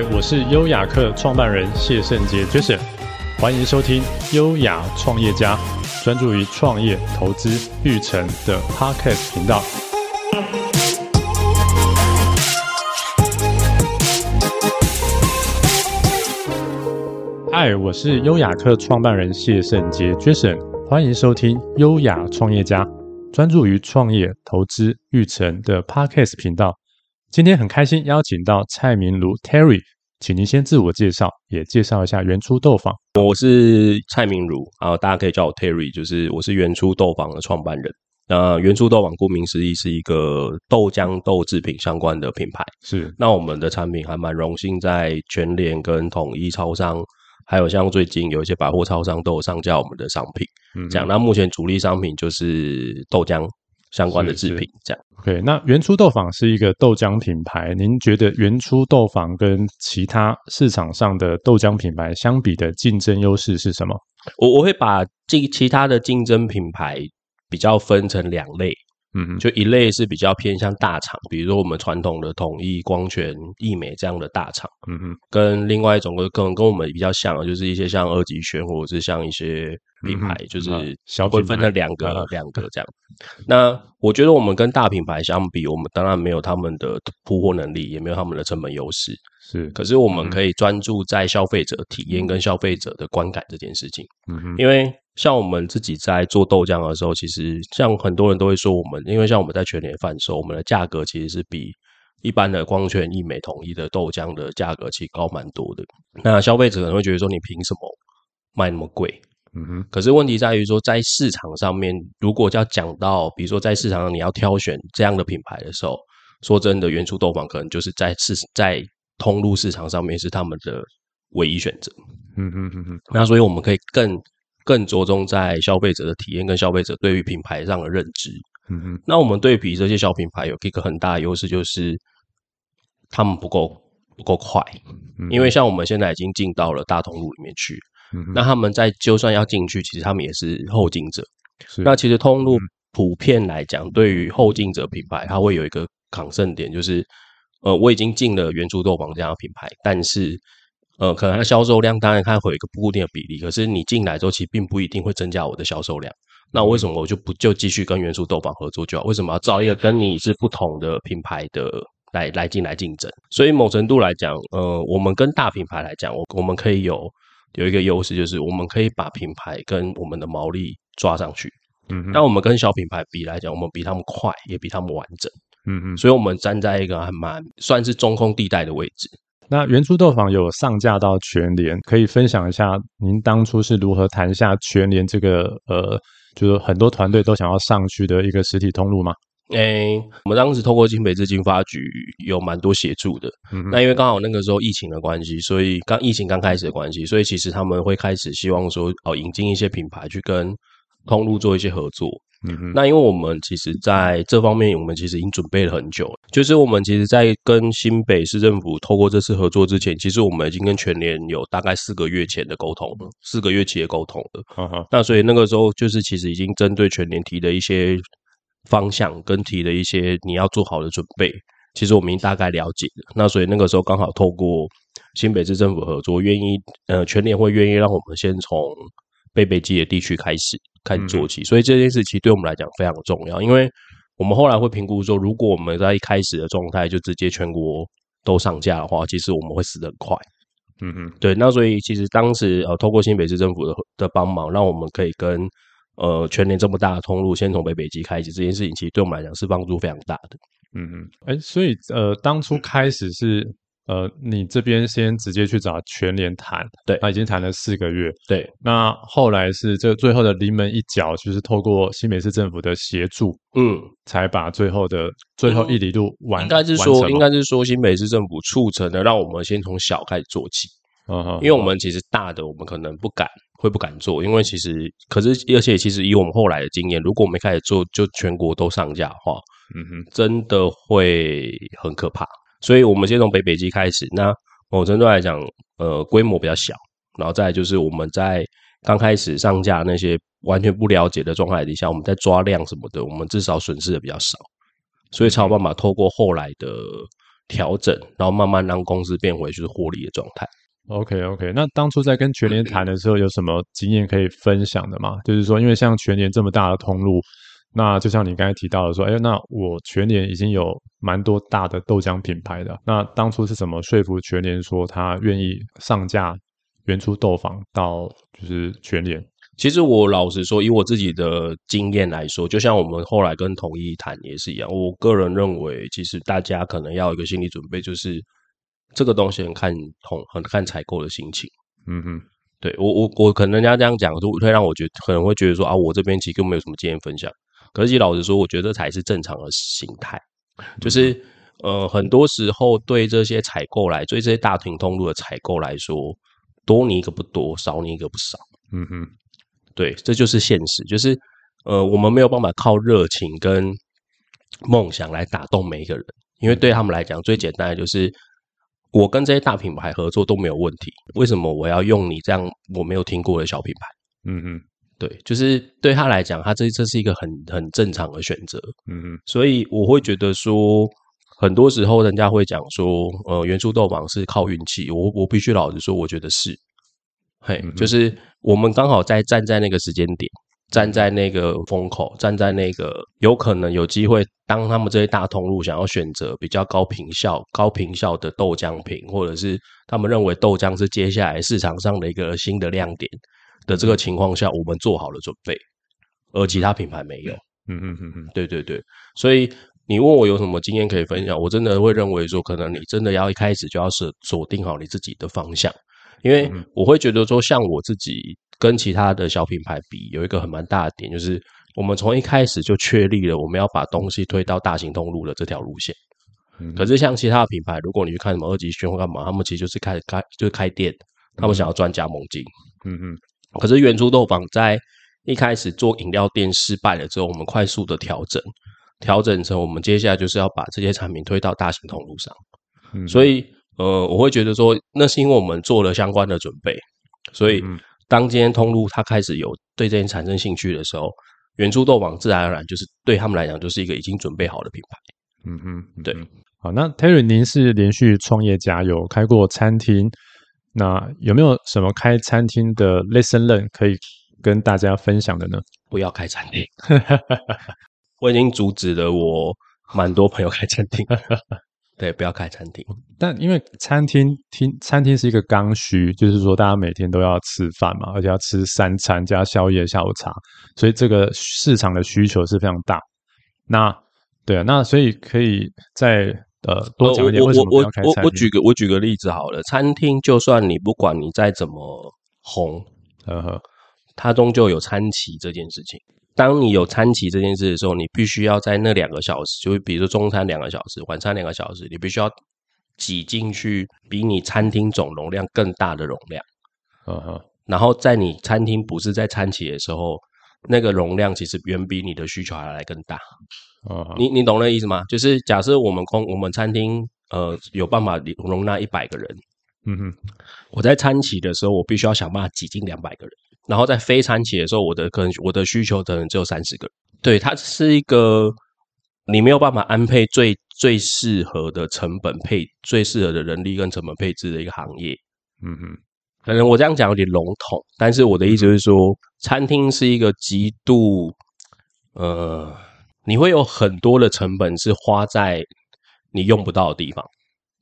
Hi, 我是優雅客創辦人謝勝傑 Jason，歡迎收聽《優雅創業家》，專注於創業、投資、育成的 Podcast 頻道。嗨，我是優雅客創辦人謝勝傑 Jason，歡迎收聽《優雅創業家》，專注於創業、投資、育成的 Podcast 頻道。今天很開心邀請到蔡明儒 Terry，請您先自我介紹，也介紹一下元初豆坊。我是蔡明儒，然後，啊，大家可以叫我 Terry，就是我是元初豆坊的創辦人。那元初豆坊顧名思義是一個豆漿豆制品相關的品牌。是，那我們的產品還蠻榮幸在全聯跟統一超商，還有像最近有一些百貨超商都有上架我們的商品。嗯哼，講到目前主力商品就是豆漿。相關的製品，是是這樣。OK，那元初豆坊是一個豆漿品牌，您覺得元初豆坊跟其他市場上的豆漿品牌相比的競爭優勢是什麼？我我會把這其他的競爭品牌比較分成兩類，嗯哼，就一類是比較偏向大廠，比如說我們傳統的統一、光泉、義美這樣的大廠，嗯嗯哼，跟另外一種可能跟我們比較像，的就是一些像二級學或者是像一些。品牌、嗯、哼就是小品牌分了兩個、啊、兩個這樣，啊、 那我覺得我們跟大品牌相比，我們當然沒有他們的鋪貨能力，也沒有他們的成本優勢。是，可是我們可以專注在消費者體驗跟消費者的觀感這件事情。嗯哼，因為像我們自己在做豆漿的時候，其實像很多人都會說，我們因為像我們在全年販售，我們的價格其實是比一般的光泉義美統一的豆漿的價格其實高蠻多的。那消費者可能會覺得說，你憑什麼賣那麼貴？嗯哼，可是問題在於說，在市場上面，如果要講到，比如說在市場上你要挑選這樣的品牌的時候，說真的，元初豆坊可能就是在市在通路市場上面是他們的唯一選擇。嗯哼嗯哼，那所以我們可以更更着重在消費者的體驗跟消費者對於品牌上的認知。嗯哼，那我們對比這些小品牌有一個很大的優勢，就是他們不夠不夠快，因為像我們現在已經進到了大通路裡面去。那他們在就算要進去，其實他們也是後進者是。那其實通路普遍來講，對於後進者品牌，它會有一個抗勝點，就是呃，我已經進了元初豆坊這樣的品牌，但是呃，可能它的銷售量當然它會有一個不固定的比例，可是你進來之後，其實並不一定會增加我的銷售量。那為什麼我就不就繼續跟元初豆坊合作就好？為什麼要找一個跟你是不同的品牌的來來進來競爭？所以某程度來講，呃，我們跟大品牌來講，我我們可以有。有一個優勢，就是我們可以把品牌跟我們的毛利抓上去，嗯哼，但我們跟小品牌比來講，我們比他們快，也比他們完整，嗯嗯哼，所以我們站在一個還蠻算是中空地帶的位置。那元初豆坊有上架到全聯，可以分享一下您當初是如何談下全聯這個呃，就是很多團隊都想要上去的一個實體通路嗎？欸，我們當時透過新北市經發局有蠻多協助的。嗯哼那因為剛好那個時候疫情的關係，所以剛疫情剛開始的關係，所以其實他們會開始希望說哦，引進一些品牌去跟通路做一些合作。嗯哼那因為我們其實在這方面，我們其實已經準備了很久了。就是我們其實，在跟新北市政府透過這次合作之前，其實我們已經跟全聯有大概四個月前的溝通了，四個月前的溝通了。嗯、哼那所以那個時候，就是其實已經針對全聯提的一些。方向跟提的一些你要做好的準備，其實我們已經大概了解了。那所以那個時候剛好透過新北市政府合作，願意呃全聯會願意讓我們先從北北基的地區開始開始做起，嗯、哼所以這件事其實對我們來講非常重要，因為我們後來會評估說，如果我們在一開始的狀態就直接全國都上架的話，其實我們會死得很快。嗯嗯哼，對。那所以其實當時呃，透過新北市政府的的幫忙，讓我們可以跟。呃，全聯這麼大的通路，先從北北基開始，這件事情其實對我們來講是幫助非常大的。嗯嗯，哎、欸，所以呃，當初開始是呃，你這邊先直接去找全聯談，對，他、啊、已經談了四個月，對。那後來是這最後的臨門一腳，就是透過新北市政府的協助，嗯，才把最後的最後一里路完。嗯、應該是說，應該是說新北市政府促成的，讓我們先從小開始做起。嗯嗯，因為我們其實大的，我們可能不敢。會不敢做，因為其實，可是，而且，其實以我們後來的經驗，如果我們一開始做就全國都上架的話，嗯哼，真的會很可怕。所以我們先從北北基開始。那某種程度來講，呃，規模比較小，然後再來就是我們在剛開始上架那些完全不了解的狀態底下，我們在抓量什麼的，我們至少損失的比較少。所以，才有辦法透過後來的調整，然後慢慢讓公司變回就是獲利的狀態。OK OK，那當初在跟全聯談的時候，有什麼經驗可以分享的嗎？就是說，因為像全聯這麼大的通路，那就像你剛才提到的，說，哎，那我全聯已經有蠻多大的豆漿品牌的，那當初是怎麼說服全聯說他願意上架元初豆坊到就是全聯？其實我老實說，以我自己的經驗來說，就像我們後來跟統一談也是一樣，我個人認為，其實大家可能要有一個心理準備，就是。這個東西很看同，很看採購的心情。嗯哼，對我我我可能人家這樣講，就會讓我覺得可能會覺得說啊，我這邊其實我沒有什麼經驗分享。可是其實老實說，我覺得這才是正常的形態。就是、嗯、呃，很多時候對這些採購來，對這些大通通路的採購來說，多你一個不多，少你一個不少。嗯哼，對，這就是現實。就是呃，我們沒有辦法靠熱情跟夢想來打動每一個人，因為對他們來講，最簡單的就是。我跟這些大品牌合作都沒有問題，為什麼我要用你這樣我沒有聽過的小品牌？嗯嗯哼，對，就是對他來講，他這這是一個很很正常的選擇。嗯嗯哼，所以我會覺得說，很多時候人家會講說，呃，元初豆坊是靠運氣。我我必須老實說，我覺得是，嘿，嗯、哼就是我們剛好在站在那個時間點。站在那個風口，站在那個有可能有機會，當他們這些大通路想要選擇比較高坪效、高坪效的豆漿品，或者是他們認為豆漿是接下來市場上的一個新的亮點的這個情況下，我們做好了準備，而其他品牌沒有。嗯嗯嗯嗯，對對對。所以你問我有什麼經驗可以分享，我真的會認為說，可能你真的要一開始就要鎖鎖定好你自己的方向，因為我會覺得說，像我自己。跟其他的小品牌比，有一個很蠻大的點，就是我們從一開始就確立了我們要把東西推到大型通路的這條路線。嗯、哼可是像其他的品牌，如果你去看什麼二級循幹嘛，他們其實就是開開就是開店，他們想要賺加盟金。嗯哼嗯哼。可是元初豆坊在一開始做飲料店失敗了之後，我們快速的調整，調整成我們接下來就是要把這些產品推到大型通路上。嗯哼。所以，呃，我會覺得說，那是因為我們做了相關的準備，所以。嗯當今天通路他開始有對這些產生興趣的時候，元初豆坊自然而然就是對他們來講就是一個已經準備好的品牌。嗯哼，對。好，那 Terry, 您是連續創業家，有開過餐廳，那有沒有什麼開餐廳的 lesson learn 可以跟大家分享的呢？不要開餐廳， 我已經阻止了我蠻多朋友開餐廳。 對，不要開餐廳。但因為餐廳、廳、餐廳是一個剛需，就是說大家每天都要吃飯嘛，而且要吃三餐加宵夜、下午茶，所以這個市場的需求是非常大。那對啊，那所以可以再呃多講一點為什麼不要開餐廳，呃、我我我，我，我舉個我舉個例子好了，餐廳就算你不管你再怎麼紅，呵呵，它終究有餐期這件事情。當你有餐期這件事的時候，你必須要在那兩個小時，就是比如說中餐兩個小時，晚餐兩個小時，你必須要擠進去比你餐廳總容量更大的容量。嗯哼、uh。Huh. 然後在你餐廳不是在餐期的時候，那個容量其實遠比你的需求還來更大。啊、uh。Huh. 你你懂那意思嗎？就是假設我們公我們餐廳呃有辦法容納一百個人。嗯哼、uh。Huh. 我在餐期的時候，我必須要想辦法擠進兩百個人。然後在非餐期的時候，我的可能我的需求可能只有三十個。對，它是一個你沒有辦法安配最最適合的成本配最適合的人力跟成本配置的一個行業。嗯嗯，可能我這樣講有點籠統，但是我的意思就是說，餐廳是一個極度呃，你會有很多的成本是花在你用不到的地方。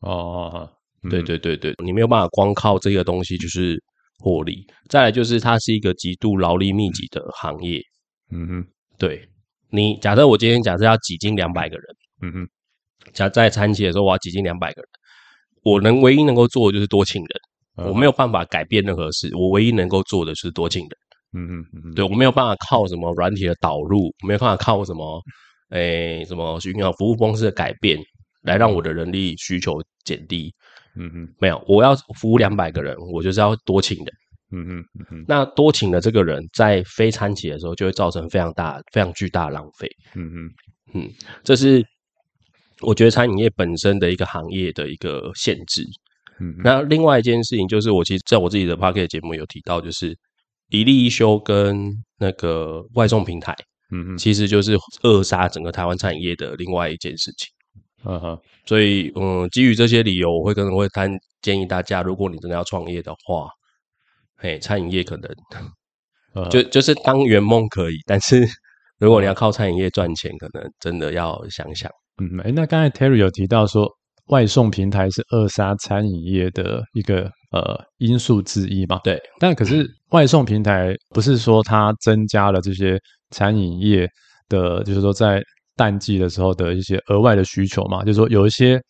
哦，對對對對，你沒有辦法光靠這個東西就是。獲利，再來就是它是一個極度勞力密集的行業。嗯哼對你，假設我今天假設要擠進兩百個人，嗯哼假設在餐期的時候我要擠進兩百個人，我能唯一能夠做的就是多請人，哦啊、我沒有辦法改變任何事，我唯一能夠做的就是多請人。嗯嗯對我沒有辦法靠什麼軟體的導入，我沒有辦法靠什麼，誒、欸、什麼雲養服務方式的改變來讓我的人力需求減低。嗯嗯，沒有，我要服務兩百個人，我就是要多請人。嗯嗯嗯，那多請的這個人，在非餐期的時候，就會造成非常大、非常巨大的浪費。嗯哼嗯，這是我覺得餐飲業本身的一個行業的一個限制。嗯哼，那另外一件事情，就是我其實在我自己的 podcast 節目有提到，就是一例一休跟那個外送平台，嗯嗯哼，其實就是扼殺整個台灣餐飲業的另外一件事情。嗯哼，uh huh. 所以嗯，基於這些理由，我會可能會談，建議大家，如果你真的要創業的話，嘿，餐飲業可能，呃、uh，huh. 就就是當圓夢可以，但是如果你要靠餐飲業賺錢，uh huh. 可能真的要想想。嗯，欸、那剛才 Terry 有提到說，外送平台是扼殺餐飲業的一個呃因素之一嘛？對。但可是外送平台不是說它增加了這些餐飲業的，就是說在。淡季的時候的一些額外的需求嘛，就是說有一些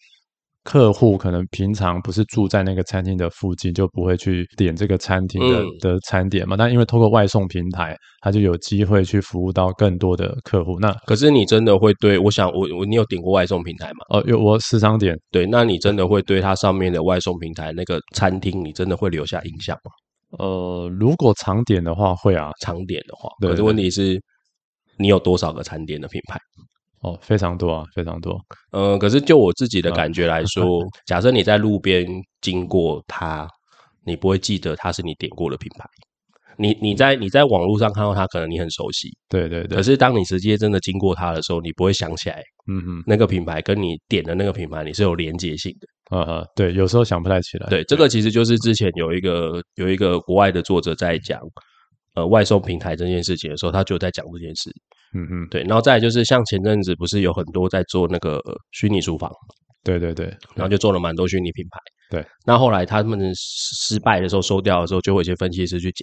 客戶可能平常不是住在那個餐廳的附近，就不會去點這個餐廳的、嗯、的餐點嘛。但因為通過外送平台，他就有機會去服務到更多的客戶。那可是你真的會對我想我我你有點過外送平台嗎？呃，有我時常點。對，那你真的會對它上面的外送平台那個餐廳，你真的會留下印象嗎？呃，如果常點的話會啊，常點的話。對，可是問題是，你有多少個餐點的品牌？哦，非常多啊，非常多。嗯、呃、可是就我自己的感覺來說，啊、假設你在路邊經過它， 你不會記得它是你點過的品牌。你你在你在網絡上看到它，可能你很熟悉，對對對。可是當你直接真的經過它的時候，你不會想起來。嗯嗯，那個品牌跟你點的那個品牌，你是有連接性的。啊、嗯、對，有時候想不太起來。對，這個其實就是之前有一個有一個國外的作者在講。呃，外送平台這件事情的時候，他就在講這件事。嗯嗯哼，對。然後再來就是像前陣子不是有很多在做那個虛擬廚房，對對對，嗯、然後就做了蠻多虛擬品牌。對，那後來他們失敗的時候收掉的時候，就會有一些分析師去講，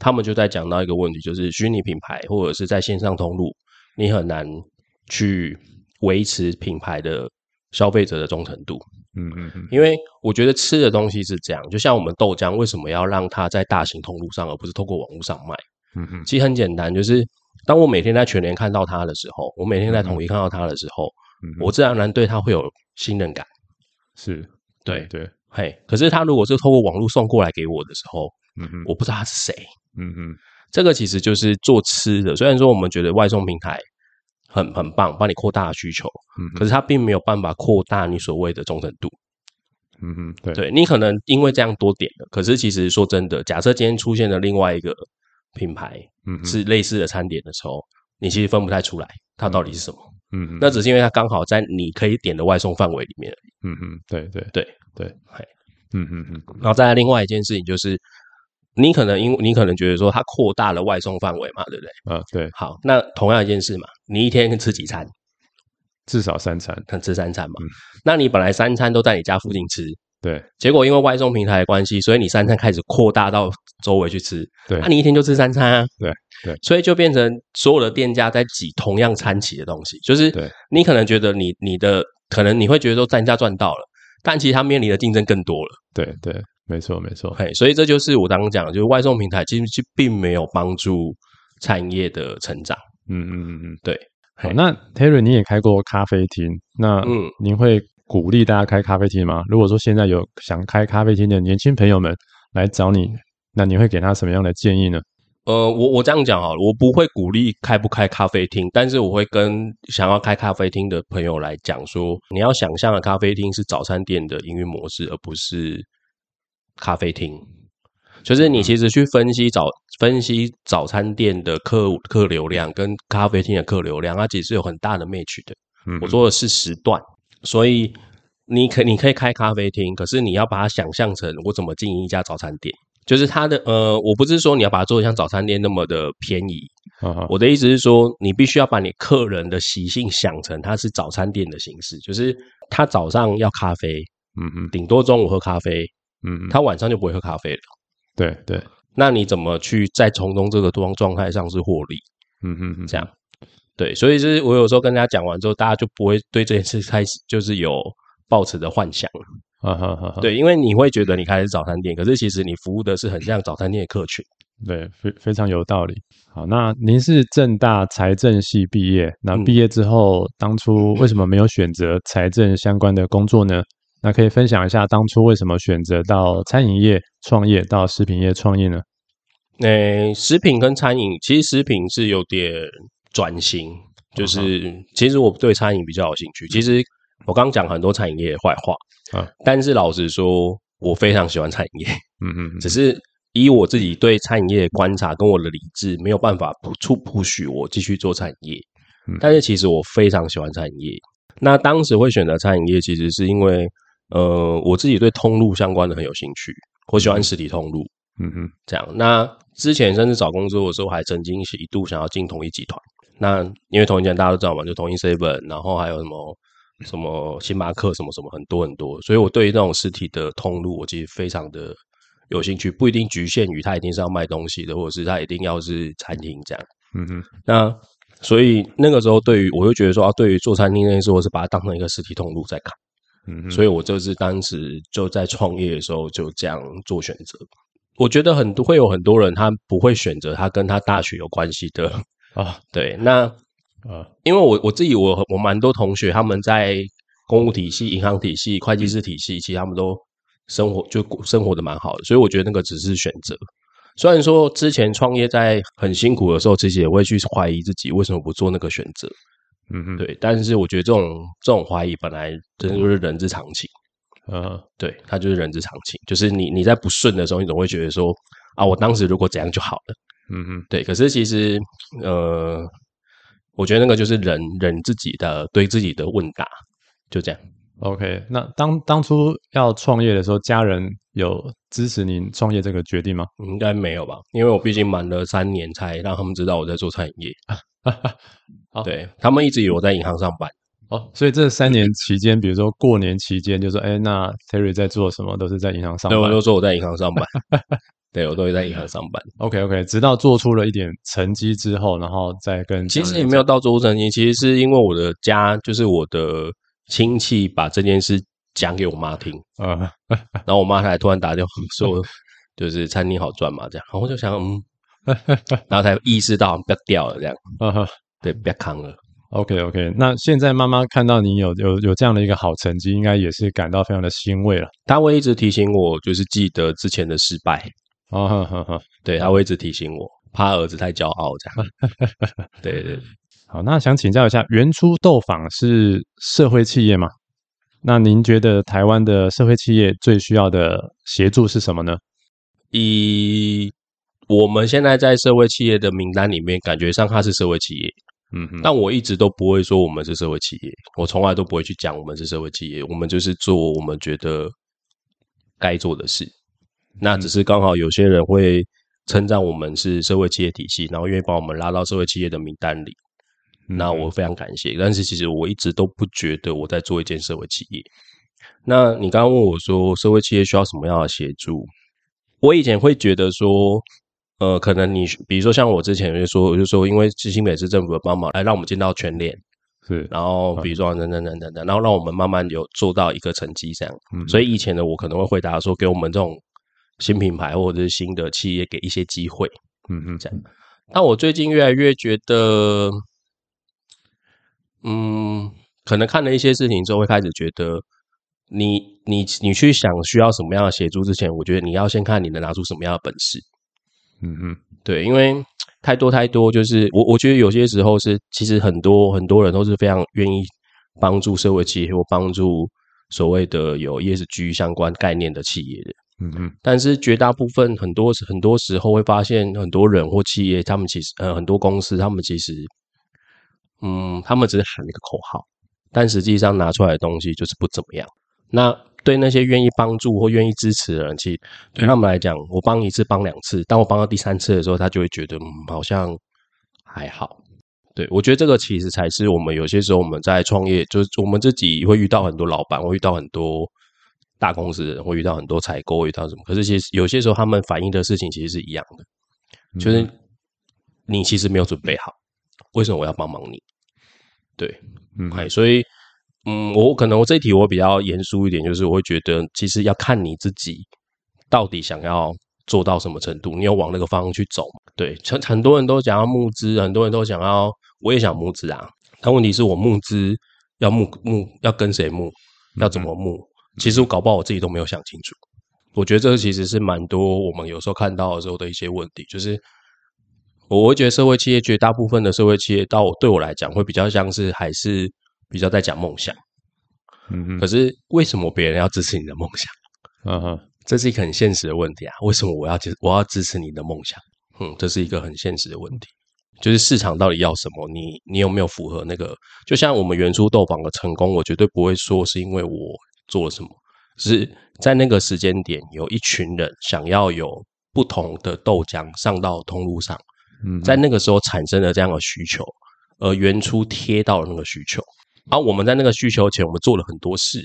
他們就在講到一個問題，就是虛擬品牌或者是在線上通路，你很難去維持品牌的消費者的忠誠度。嗯嗯嗯，因為我覺得吃的東西是這樣，就像我們豆漿，為什麼要讓它在大型通路上，而不是透過網絡上賣？嗯嗯哼，其實很簡單，就是當我每天在全聯看到它的時候，我每天在統一看到它的時候，嗯、哼我自然而然對它會有信任感。嗯、哼是，對對，嘿。可是它如果是透過網絡送過來給我的時候，嗯嗯哼，我不知道它是誰。嗯嗯哼，這個其實就是做吃的，雖然說我們覺得外送平台。很很棒，幫你擴大的需求，嗯、哼可是它並沒有辦法擴大你所謂的忠誠度，嗯對，對你可能因為這樣多點了，可是其實說真的，假設今天出現了另外一個品牌，嗯，是類似的餐點的時候，嗯、哼你其實分不太出來它到底是什麼，嗯，嗯那只是因為它剛好在你可以點的外送範圍裡面而已，嗯嗯，對對對對，對。嗯嗯哼，嗯，然後再來另外一件事情就是。你可能因為你可能覺得說它擴大了外送範圍嘛，對不對？啊，對。好，那同樣一件事嘛，你一天吃幾餐？至少三餐，他吃三餐嘛。嗯、那你本來三餐都在你家附近吃，對。結果因為外送平台的關係，所以你三餐開始擴大到週圍去吃。對。那、啊、你一天就吃三餐啊？對對。對，所以就變成所有的店家在擠同樣餐期的東西，就是對。你可能覺得你你的可能你會覺得說店家賺到了，但其實他面臨的競爭更多了。對對。對沒錯，沒錯。嘿，hey, 所以這就是我剛剛講的，就是外送平台其實並沒有幫助產業的成長。嗯嗯嗯嗯，對。好 Hey,、嗯，那 Terry，你也開過咖啡廳，那嗯，您會鼓勵大家開咖啡廳嗎？嗯、如果說現在有想開咖啡廳的年輕朋友們來找你，那你會給他什麼樣的建議呢？呃，我我這樣講啊，我不會鼓勵開不開咖啡廳，但是我會跟想要開咖啡廳的朋友來講說，你要想象的咖啡廳是早餐店的營運模式，而不是。咖啡廳，就是你其實去分析早、嗯、分析早餐店的客客流量跟咖啡廳的客流量，它其實是有很大的 match 的。我做的是時段，嗯、哼所以你可你可以開咖啡廳，可是你要把它想象成我怎麼經營一家早餐店。就是它的呃，我不是說你要把它做得像早餐店那麼的便宜，嗯、哼我的意思是說，你必須要把你客人的習性想成它是早餐店的形式，就是他早上要咖啡，嗯嗯，頂多中午喝咖啡。嗯嗯，他晚上就不會喝咖啡了。對對，對那你怎麼去在從中這個狀狀態上是獲利？嗯嗯嗯，這樣對，所以是我有時候跟大家講完之後，大家就不會對這件事開始就是有抱持的幻想。啊哈啊哈，對，因為你會覺得你開的是早餐店，嗯、可是其實你服務的是很像早餐店的客群。對，非非常有道理。好，那您是政大財政系畢業，那畢業之後，嗯、當初為什麼沒有選擇財政相關的工作呢？那可以分享一下當初為什麼選擇到餐飲業創業，到食品業創業呢？欸，食品跟餐飲，其實食品是有點轉型，就是其實我對餐飲比較有興趣。其實我剛剛講很多餐飲業的壞話，啊、但是老實說，我非常喜歡餐飲業。嗯嗯，只是以我自己對餐飲業的觀察跟我的理智，沒有辦法不不不許我繼續做餐飲業。嗯、但是其實我非常喜歡餐飲業。那當時會選擇餐飲業，其實是因為。呃，我自己對通路相關的很有興趣，我喜歡實體通路，嗯哼，這樣。那之前甚至找工作的時候，還曾經一度想要進統一集團。那因為統一集團大家都知道嘛，就統一 seven，然後還有什麼什麼星巴克，什麼什麼很多很多。所以我對於那種實體的通路，我其實非常的有興趣，不一定局限於它一定是要賣東西的，或者是它一定要是餐廳這樣。嗯哼，那所以那個時候，對於我就覺得說，啊，對於做餐廳這件事，我是把它當成一個實體通路在看。嗯哼，所以我就是當時就在創業的時候就這樣做選擇。我覺得很多會有很多人他不會選擇他跟他大學有關係的啊，對，那啊，因為我我自己我我蠻多同學他們在公務體系、銀行體系、會計師體系，其實他們都生活就生活的蠻好的，所以我覺得那個只是選擇。雖然說之前創業在很辛苦的時候，其實也會去懷疑自己為什麼不做那個選擇。嗯嗯，對，但是我覺得這種這種懷疑本來真的就是人之常情，呃、嗯，啊、對，他就是人之常情，就是你你在不順的時候，你總會覺得說啊，我當時如果這樣就好了，嗯嗯哼，對，可是其實呃，我覺得那個就是人人自己的對自己的問答，就這樣。OK，那當當初要創業的時候，家人有支持您創業這個決定嗎？應該沒有吧，因為我畢竟滿了三年才讓他們知道我在做餐飲業。啊啊、對，他們一直以為我在銀行上班。哦，所以這三年期間，對比如說過年期間，就是、說哎、欸，那 Terry 在做什麼？都是在銀行上班。對，我都說我在銀行上班。 對，我都會在銀行上班。OK，OK，、okay, okay, 直到做出了一點成績之後，然後再跟。其實也沒有到做出成績，其實是因為我的家，就是我的。親戚把這件事講給我媽聽，啊、uh，huh. 然後我媽才突然打電話說，就是餐廳好賺嘛，這樣，然後我就想，嗯，uh huh. 然後才意識到不要掉了這樣，啊哈、uh，huh. 對，不要扛了。OK，OK，okay, okay. 那現在媽媽看到你有有有這樣的一個好成績，應該也是感到非常的欣慰了。她會一直提醒我，就是記得之前的失敗。啊哈哈，huh. 對，她會一直提醒我，怕兒子太驕傲這樣。對、uh huh. 對。對好，那想請教一下，元初豆坊是社會企業嗎？那您覺得台灣的社會企業最需要的協助是什麼呢？以我們現在在社會企業的名單裡面，感覺上它是社會企業，嗯哼。但我一直都不會說我們是社會企業，我從來都不會去講我們是社會企業。我們就是做我們覺得該做的事，那只是剛好有些人會稱讚我們是社會企業體系，嗯、然後願意把我們拉到社會企業的名單裡。嗯、那我非常感謝，但是其實我一直都不覺得我在做一件社會企業。那你剛剛問我說，社會企業需要什麼樣的協助？我以前會覺得說，呃，可能你比如說像我之前就說，我就說因為新北市政府的幫忙，來讓我們見到全聯，是，然後比如說等等等等等，嗯、哼然後讓我們慢慢有做到一個成績，這樣。嗯、哼所以以前呢，我可能會回答說，給我們這種新品牌或者是新的企業給一些機會，嗯嗯哼，這樣。那我最近越來越覺得。嗯，可能看了一些事情之後，會開始覺得你，你你你去想需要什麼樣的協助之前，我覺得你要先看你能拿出什麼樣的本事。嗯嗯哼，對，因為太多太多，就是我我覺得有些時候是，其實很多很多人都是非常願意幫助社會企業或幫助所謂的有 ESG 相關概念的企業的。嗯嗯哼，但是絕大部分很多很多時候會發現，很多人或企業他們其實呃很多公司他們其實。嗯，他們只是喊一個口號，但實際上拿出來的東西就是不怎麼樣。那對那些願意幫助或願意支持的人，其實對他們來講，我幫一次、幫兩次，當我幫到第三次的時候，他就會覺得，嗯，好像還好。對，我覺得這個其實才是我們有些時候我們在創業，就是我們自己會遇到很多老闆，會遇到很多大公司的人，會遇到很多採購，遇到什麼。可是其實有些時候他們反映的事情其實是一樣的，就是你其實沒有準備好。嗯為什麼我要幫忙你？對，嗯，哎，所以，嗯，我可能我這一題我比較嚴肅一點，就是我會覺得，其實要看你自己到底想要做到什麼程度，你要往那個方向去走。對，很很多人都想要募資，很多人都想要，我也想募資啊。但問題是我募資要募募要跟誰募，要怎麼募？嗯，其實我搞不好我自己都沒有想清楚。我覺得這個其實是蠻多我們有時候看到的時候的一些問題，就是。我會覺得社會企業，絕大部分的社會企業，到對我來講，會比較像是還是比較在講夢想。嗯、哼可是為什麼別人要支持你的夢想？嗯哼、啊哈，這是一個很現實的問題啊。為什麼我要支我要支持你的夢想？嗯，這是一個很現實的問題。嗯、就是市場到底要什麼？你你有沒有符合那個？就像我們元初豆坊的成功，我絕對不會說是因為我做了什麼，只是在那個時間點，有一群人想要有不同的豆漿上到通路上。在那個時候產生了這樣的需求，而、呃、元初貼到了那個需求，而、啊、我們在那個需求前，我們做了很多事。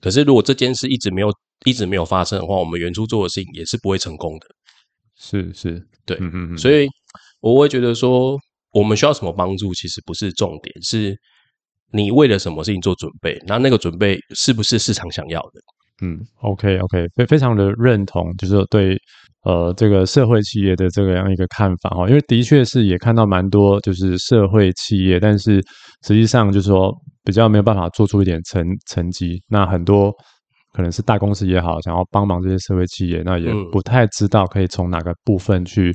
可是，如果這件事一直沒有一直沒有發生的話，我們元初做的事情也是不會成功的。是是，是對，嗯哼嗯嗯。所以我會覺得說，我們需要什麼幫助，其實不是重點，是你為了什麼事情做準備，那那個準備是不是市場想要的？嗯，OK OK，非非常的認同，就是對。呃，這個社會企業的這個樣一個看法哦，因為的確是也看到蠻多，就是社會企業，但是實際上就是說比較沒有辦法做出一點成成績。那很多可能是大公司也好，想要幫忙這些社會企業，那也不太知道可以從哪個部分去、嗯、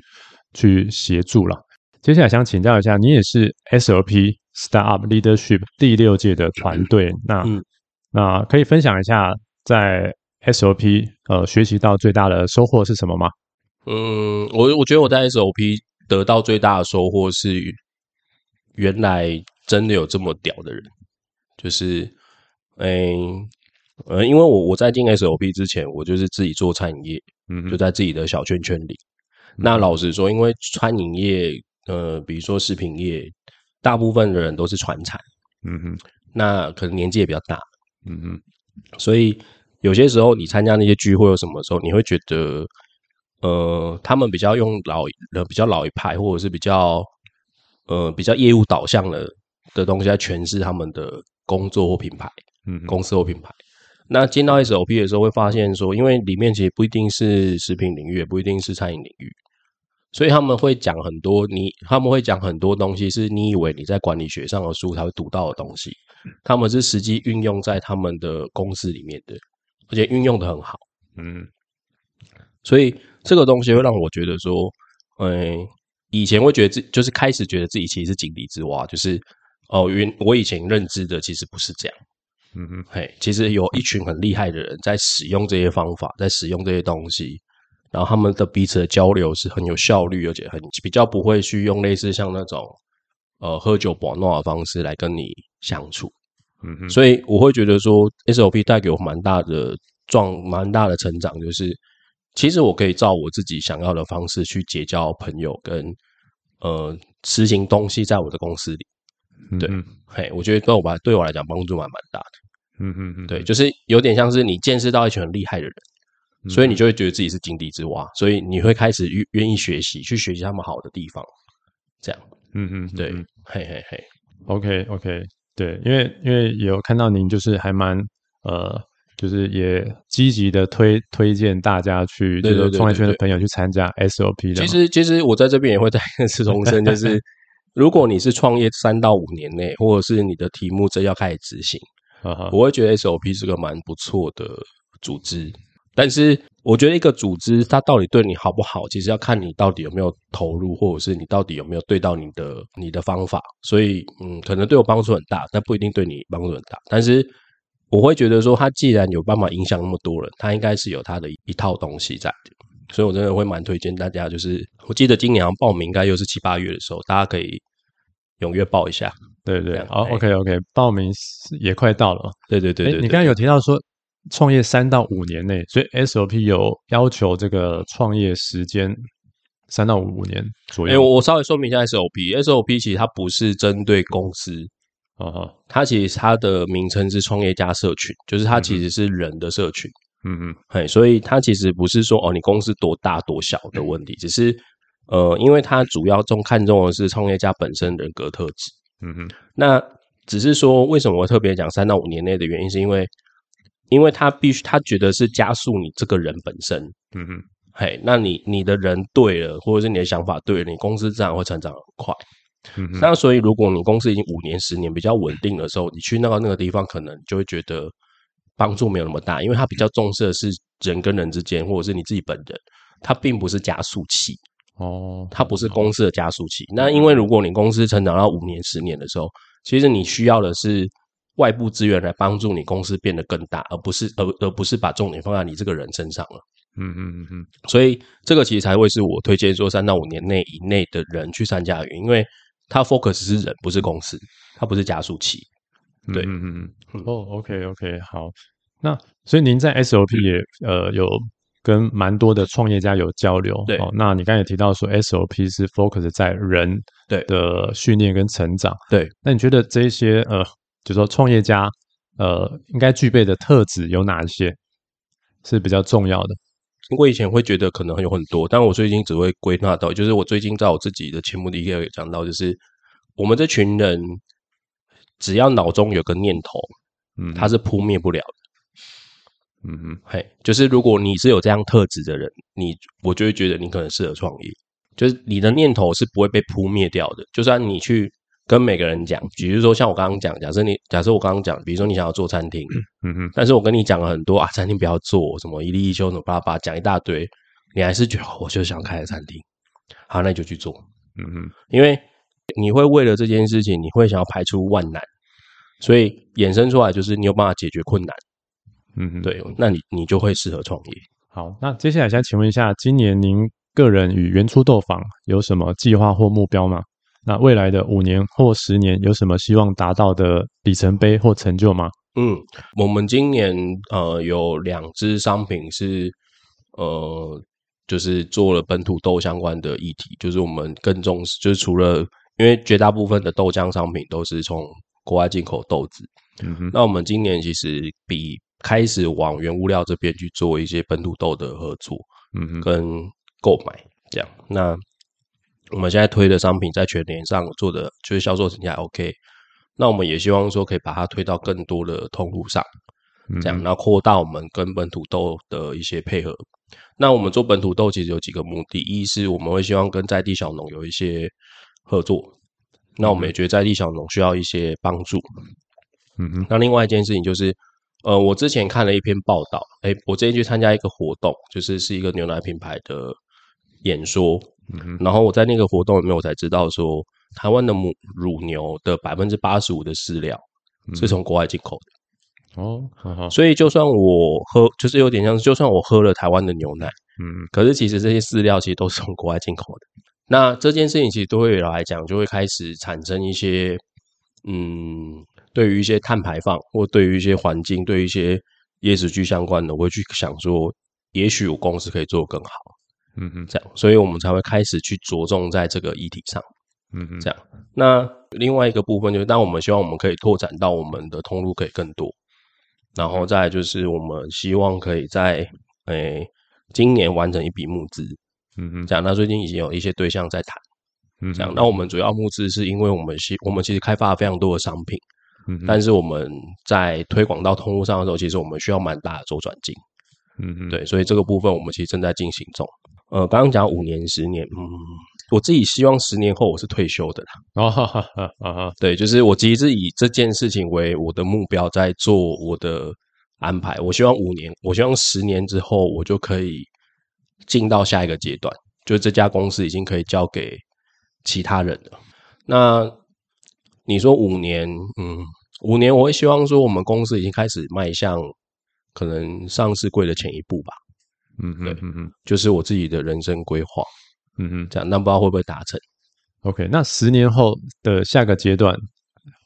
去協助了。接下來想請教一下，你也是 SLP Startup Leadership 第六屆的團隊，嗯、那那可以分享一下在 SOP，呃，學習到最大的收穫是什麼嗎？嗯，我我覺得我在 SOP 得到最大的收穫是，原來真的有這麼屌的人，就是，嗯、欸，呃，因為我我在進 SOP 之前，我就是自己做餐飲業，嗯哼，就在自己的小圈圈裡。嗯哼，那老實說，因為餐飲業，呃，比如說食品業，大部分的人都是傳產，嗯哼，那可能年紀也比較大，嗯哼，所以。有些時候，你參加那些聚會或什麼時候，你會覺得，呃，他們比較用老，比較老一派，或者是比較，呃，比較業務導向的的東西來詮釋他們的工作或品牌，嗯，公司或品牌。嗯、哼那進到 SOP 的時候，會發現說，因為裡面其實不一定是食品領域，也不一定是餐飲領域，所以他們會講很多，你他們會講很多東西，是你以為你在管理學上的書才會讀到的東西，他們是實際運用在他們的公司裡面的。而且運用的很好，嗯，所以這個東西會讓我覺得說，嗯、欸，以前會覺得自就是開始覺得自己其實是井底之蛙，就是哦，雲、呃、我以前認知的其實不是這樣，嗯哼，嘿，其實有一群很厲害的人在使用這些方法，在使用這些東西，然後他們的彼此的交流是很有效率，而且很比較不會去用類似像那種呃喝酒擺諾的方式來跟你相處。嗯， 所以我會覺得說，SOP 帶給我蠻大的狀，蠻大的成長，就是其實我可以照我自己想要的方式去結交朋友，跟呃實行東西在我的公司裡。對， 對，嘿，我覺得對我把對我來講幫助蠻蠻大的，嗯嗯嗯，對，就是有點像是你見識到一群很厲害的人，所以你就會覺得自己是井底之蛙，所以你會開始願願意學習，去學習他們好的地方，這樣，嗯嗯，對，嘿嘿嘿 ，OK OK。對，因為因為有看到您，就是還蠻呃，就是也積極的推推薦大家去，對，對，對，對，對是創業圈的朋友去參加 SOP 的，對對對對。其實其實我在這邊也會再一次重申，就是對 如果你是創業三到五年內，或者是你的題目正要開始執行，我會覺得 SOP 是個蠻不錯的組織，但是。我覺得一個組織它到底對你好不好，其實要看你到底有沒有投入，或者是你到底有沒有對到你的你的方法。所以，嗯，可能對我幫助很大，但不一定對你幫助很大。但是，我會覺得說，他既然有辦法影響那麼多人，他應該是有他的一,一套東西在。所以我真的會蠻推薦大家，就是我記得今年好像報名應該又是七八月的時候，大家可以踊躍報一下，對對。好，OK OK，報名也快到了，對對對對。你剛才有提到說。創業三到五年內，所以 SOP 有要求這個創業時間三到五年左右。欸，我稍微說明一下 SOP。SOP 其實它不是針對公司啊，哦、吼它其實它的名稱是創業家社群，就是它其實是人的社群。嗯嗯哼，嘿，所以它其實不是說哦，你公司多大多小的問題，嗯、哼只是呃，因為它主要重看重的是創業家本身人格特質。嗯哼，那只是說為什麼我特別講三到五年內的原因，是因為。因為他必須，他覺得是加速你這個人本身，嗯哼，嘿，那你你的人對了，或者是你的想法對了，你公司自然會成長很快。嗯哼，那所以，如果你公司已經五年、十年比較穩定的時候，你去那個那個地方，可能就會覺得幫助沒有那麼大，因為他比較重視的是人跟人之間，或者是你自己本人，他並不是加速器哦，它不是公司的加速器。嗯。那因為如果你公司成長到五年、十年的時候，其實你需要的是。外部資源來幫助你公司變得更大，而不是而而不是把重點放在你這個人身上了。嗯哼嗯嗯嗯，所以這個其實才會是我推薦說三到五年內以內的人去參加的原因，因為它 focus 是人，不是公司，它不是加速器。對。嗯嗯哦、oh,，OK OK，好。那所以您在 SOP 也呃有跟蠻多的創業家有交流。對。哦，那你剛才提到說 SOP 是 focus 在人的訓練跟成長。對。那你覺得這一些呃？比如說創業家，呃，應該具備的特質有哪些是比較重要的？我以前會覺得可能有很多，但我最近只會歸納到，就是我最近在我自己的節目裡也有講到，就是我們這群人，只要腦中有個念頭，嗯，它是撲滅不了的。嗯哼，嘿，就是如果你是有這樣特質的人，你我就會覺得你可能適合創業，就是你的念頭是不會被撲滅掉的，就算你去。跟每個人講，比如說像我剛剛講，假設你，假設我剛剛講，比如說你想要做餐廳，嗯嗯哼，但是我跟你講了很多啊，餐廳不要做什麼一例一休什麼巴拉巴拉講一大堆，你還是覺得我就想開個餐廳，好，那你就去做，嗯嗯哼，因為你會為了這件事情，你會想要排除萬難，所以衍生出來就是你有辦法解決困難，嗯嗯哼，對，那你你就會適合創業。好，那接下來想請問一下，今年您個人與元初豆坊有什麼計劃或目標嗎？那未來的五年或十年有什麼希望達到的里程碑或成就嗎？嗯，我們今年呃有兩支商品是呃就是做了本土豆相關的議題，就是我們更重視，就是除了因為絕大部分的豆漿商品都是從國外進口豆子，嗯哼，那我們今年其實比開始往原物料這邊去做一些本土豆的合作，嗯哼，跟購買這樣那。我們現在推的商品在全聯上做的就是銷售成績還 OK，那我們也希望說可以把它推到更多的通路上，這樣，然後擴大我們跟本土豆的一些配合。那我們做本土豆其實有幾個目的，一是我們會希望跟在地小農有一些合作，那我們也覺得在地小農需要一些幫助。嗯嗯哼。那另外一件事情就是，呃，我之前看了一篇報道，誒，我最近去參加一個活動，就是是一個牛奶品牌的演說。然後我在那個活動裡面，我才知道說，台灣的母乳牛的百分之八十五的飼料是從國外進口的。哦、嗯，所以就算我喝，就是有點像，就算我喝了台灣的牛奶，嗯，可是其實這些飼料其實都是從國外進口的。那這件事情其實對於我來講，就會開始產生一些，嗯，對於一些碳排放或對於一些環境、對於一些業食具相關的，我會去想說，也許我公司可以做得更好。嗯嗯，這樣，所以我們才會開始去着重在這個議題上，嗯嗯哼，這樣。那另外一個部分就是，當我們希望我們可以拓展到我們的通路可以更多，然後再來就是我們希望可以在誒、呃、今年完成一筆募資，嗯嗯哼，這樣。那最近已經有一些對象在談，嗯哼，這樣。那我們主要募資是因為我們需我們其實開發了非常多的商品，嗯哼，但是我們在推廣到通路上的時候，其實我們需要蠻大的周轉金，嗯嗯哼，對，所以這個部分我們其實正在進行中。呃，剛剛講五年、十年，嗯，我自己希望十年後我是退休的啦。哦，哈哈，啊哈，對，就是我其實是以這件事情為我的目標，在做我的安排。我希望五年，我希望十年之後，我就可以進到下一個階段，就這家公司已經可以交給其他人了。那你說五年，嗯，五年我會希望說，我們公司已經開始邁向可能上市櫃的前一步吧。嗯，嗯嗯嗯，就是我自己的人生規劃，嗯嗯哼，這樣，但不知道會不會達成。OK，那十年後的下個階段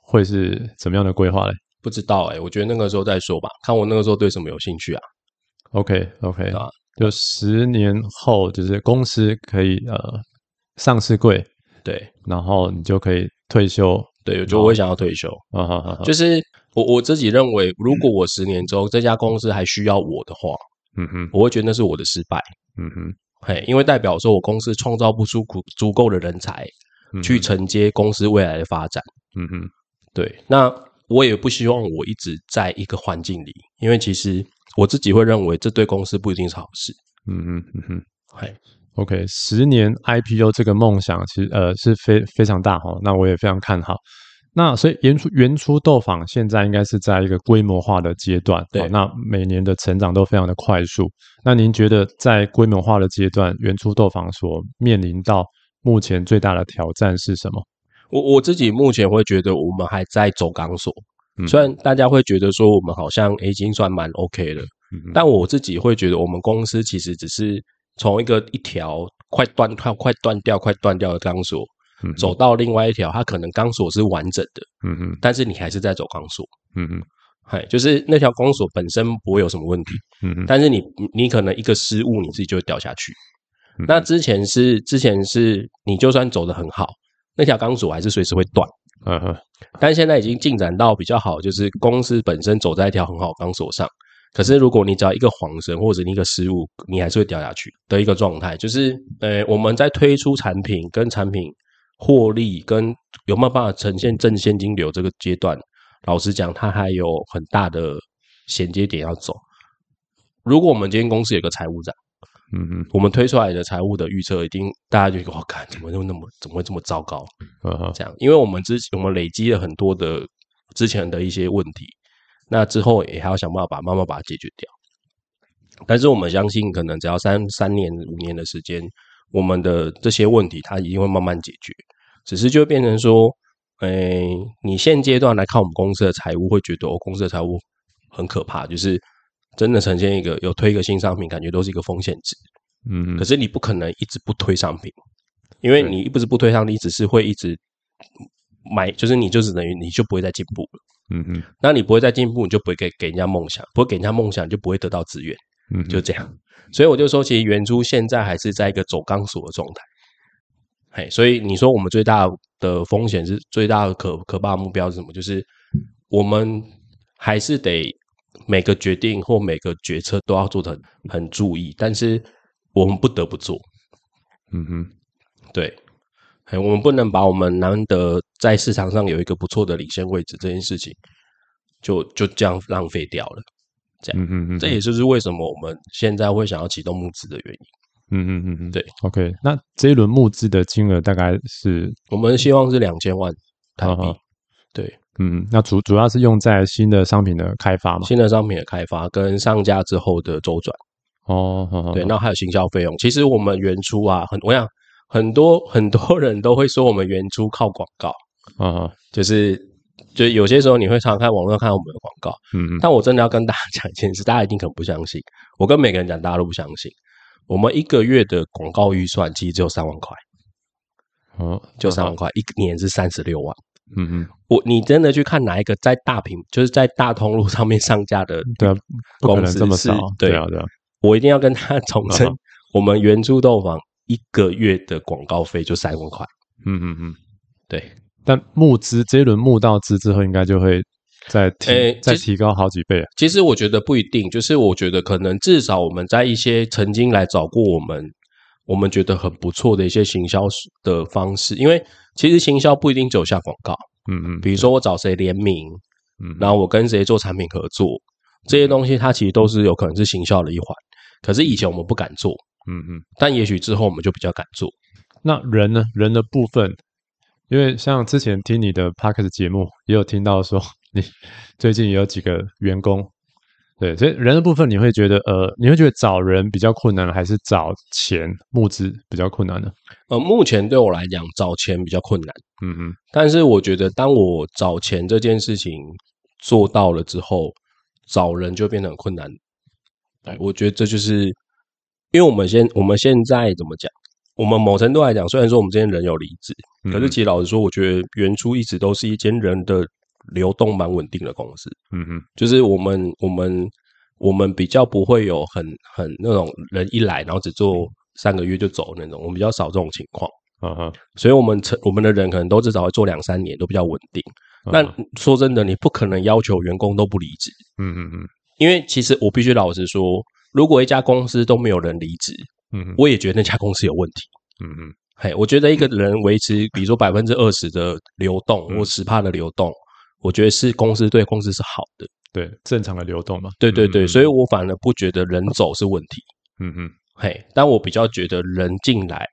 會是怎麼樣的規劃嘞？不知道哎、欸，我覺得那個時候再說吧，看我那個時候對什麼有興趣啊。OK，OK Okay, okay, 啊，就十年後，就是公司可以呃上市櫃，對，然後你就可以退休。對,後對，我覺得我也想要退休啊後啊，就是我我自己認為，嗯、如果我十年之後這家公司還需要我的話。嗯哼，我會覺得那是我的失敗。嗯哼，嘿，因為代表說，我公司創造不出足足夠的人才，去承接公司未來的發展。嗯哼，對，那我也不希望我一直在一個環境裡，因為其實我自己會認為，這對公司不一定是好事。嗯哼，嗯哼，嘿，OK，十年 IPO 這個夢想，其實呃是非非常大哈，那我也非常看好。那所以元初元初豆坊現在應該是在一個規模化的階段，對、哦。那每年的成長都非常的快速。那您覺得在規模化的階段，元初豆坊所面臨到目前最大的挑戰是什麼？我我自己目前會覺得，我們還在走鋼索。嗯、雖然大家會覺得說，我們好像、欸、已經算蠻 OK 了，嗯、哼但我自己會覺得，我們公司其實只是從一個一條快斷、靠快，快斷掉、快斷掉的鋼索。走到另外一條，它可能鋼索是完整的，嗯嗯哼，但是你還是在走鋼索，嗯嗯哼，哎，就是那條鋼索本身不會有什麼問題，嗯嗯哼，但是你你可能一個失誤，你自己就會掉下去。嗯、哼那之前是之前是，你就算走得很好，那條鋼索還是隨時會斷，嗯嗯哼，但現在已經進展到比較好，就是公司本身走在一條很好鋼索上，可是如果你只要一個晃神或者一個失誤，你還是會掉下去的一個狀態。就是、呃、我們在推出產品跟產品。獲利跟有沒有辦法呈現正現金流這個階段，老實講，它還有很大的銜接點要走。如果我們今天公司有個財務長，嗯嗯哼，我們推出來的財務的預測一定大家就覺得，哇幹，怎麼就那麼怎麼會這麼糟糕？嗯、啊、哈這樣，因為我們之前我們累積了很多的之前的一些問題，那之後也還要想辦法把慢慢把它解決掉。但是我們相信，可能只要三三年五年的時間。我們的這些問題，它一定會慢慢解決。只是就變成說，誒、呃，你現階段來看我們公司的財務，會覺得我、哦、公司的財務很可怕，就是真的呈現一個有推一個新商品，感覺都是一個風險值。嗯哼。可是你不可能一直不推商品，因為你一直不推商品，對你只是會一直買，就是你就是等於你就不會再進步了。嗯嗯哼。那你不會再進步，你就不會給給人家夢想，不會給人家夢想，你就不會得到資源。嗯， 就這樣。所以我就說，其實元初現在還是在一個走鋼索的狀態。嘿，所以你說我們最大的風險是最大的可可怕的目標是什麼？就是我們還是得每個決定或每個決策都要做得很，很注意，但是我們不得不做。嗯哼， 對。哎，我們不能把我們難得在市場上有一個不錯的領先位置這件事情就，就就這樣浪費掉了。這樣嗯嗯嗯，這也就是為什麼我們現在會想要啟動募資的原因。嗯嗯嗯嗯，對。OK，那這一輪募資的金額大概是？我們希望是兩千萬台幣。Uh huh. 對，嗯，那主主要是用在新的商品的開發嘛？新的商品的開發跟上架之後的周轉。哦，uh huh. 對，那還有行銷費用。其實我們元初啊，很，我想很多很多人都會說我們元初靠廣告啊，uh huh. 就是。就有些時候你會常看網絡上看到我們的廣告，嗯哼，但我真的要跟大家講一件事，大家一定可能不相信，我跟每個人講，大家都不相信。我們一個月的廣告預算其實只有三萬塊，哦，就三萬塊，嗯、哼一年是三十六萬，嗯嗯哼。我你真的去看哪一個在大屏，就是在大通路上面上架的，對啊，公司這麼少，對啊對啊。我一定要跟他重申，嗯、哼我們元初豆坊一個月的廣告費就三萬塊，嗯嗯哼嗯，對。但募資這一輪募到資之後，應該就會再提、欸、再提高好幾倍。其實我覺得不一定，就是我覺得可能至少我們在一些曾經來找過我們，我們覺得很不錯的一些行銷的方式，因為其實行銷不一定只有下廣告，嗯嗯，比如說我找誰聯名，嗯，嗯，然後我跟誰做產品合作，這些東西它其實都是有可能是行銷的一環。可是以前我們不敢做，嗯嗯，但也許之後我們就比較敢做。嗯嗯，那人呢，人的部分。因為像之前聽你的 Podcast 節目，也有聽到說你最近有幾個員工，對，所以人的部分你會覺得呃，你會覺得找人比較困難，還是找錢募資比較困難呢？呃，目前對我來講找錢比較困難，嗯嗯，但是我覺得當我找錢這件事情做到了之後，找人就變得很困難。哎，我覺得這就是因為我們現我們現在怎麼講？我們某程度來講，雖然說我們今天人有離職，嗯、哼可是其實老實說，我覺得元初一直都是一間人的流動蠻穩定的公司。嗯哼，就是我們我們我們比較不會有很很那種人一來然後只做三個月就走那種，我們比較少這種情況。啊哈、嗯哼，所以我們成我們的人可能都至少會做兩三年，都比較穩定。嗯、哼那說真的，你不可能要求員工都不離職。嗯嗯哼嗯，因為其實我必須老實說，如果一家公司都沒有人離職。嗯，我也覺得那家公司有問題。嗯嗯哼，嘿，hey, 我覺得一個人維持，比如說百分之二十的流動，嗯、或十趴的流動，我覺得是公司對公司是好的。對，正常的流動嘛。對對對，嗯嗯嗯，所以我反而不覺得人走是問題。嗯嗯哼，嘿，hey, 但我比較覺得人進來，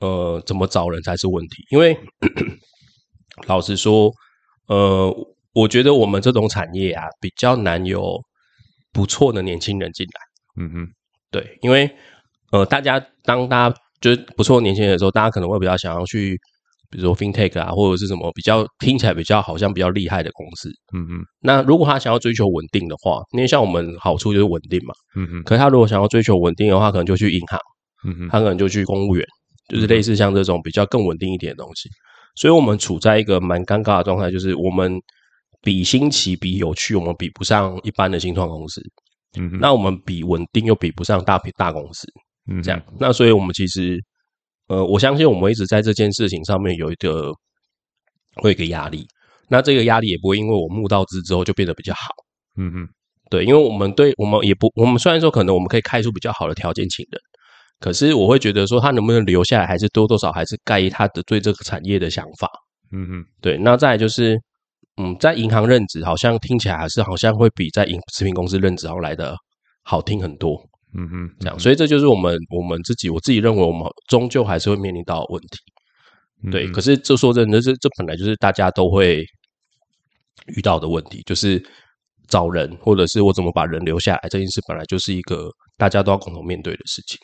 呃，怎麼找人才是問題。因為 老實說，呃，我覺得我們這種產業啊，比較難有不錯的年輕人進來。嗯哼對，因為。呃，大家當大家就是不錯年輕人的時候，大家可能會比較想要去，比如說 fintech 啊，或者是什麼比較聽起來比較好像比較厲害的公司。嗯嗯哼。那如果他想要追求穩定的話，因為像我們好處就是穩定嘛。嗯嗯哼。可是他如果想要追求穩定的話，可能就去銀行。嗯嗯哼。他可能就去公務員，就是類似像這種比較更穩定一點的東西。嗯、哼所以我們處在一個蠻尷尬的狀態，就是我們比新奇比有趣，我們比不上一般的新創公司。嗯哼。那我們比穩定又比不上大，大公司。嗯，這樣。那所以我們其實，呃，我相信我們一直在這件事情上面有一個會有一個壓力。那這個壓力也不會因為我募到資之後就變得比較好。嗯嗯哼，對，因為我們對我們也不，我們雖然說可能我們可以開出比較好的條件請人，可是我會覺得說他能不能留下來，還是多多少還是蓋於他的對這個產業的想法。嗯嗯哼，對。那再來就是，嗯，在銀行任職好像聽起來還是好像會比在飲食品公司任職要來的好聽很多。嗯嗯，這樣，所以這就是我們我們自己，我自己認為，我們終究還是會面臨到問題。嗯、哼對，可是這說真的，這這本來就是大家都會遇到的問題，就是找人或者是我怎麼把人留下來，這件事本來就是一個大家都要共同面對的事情。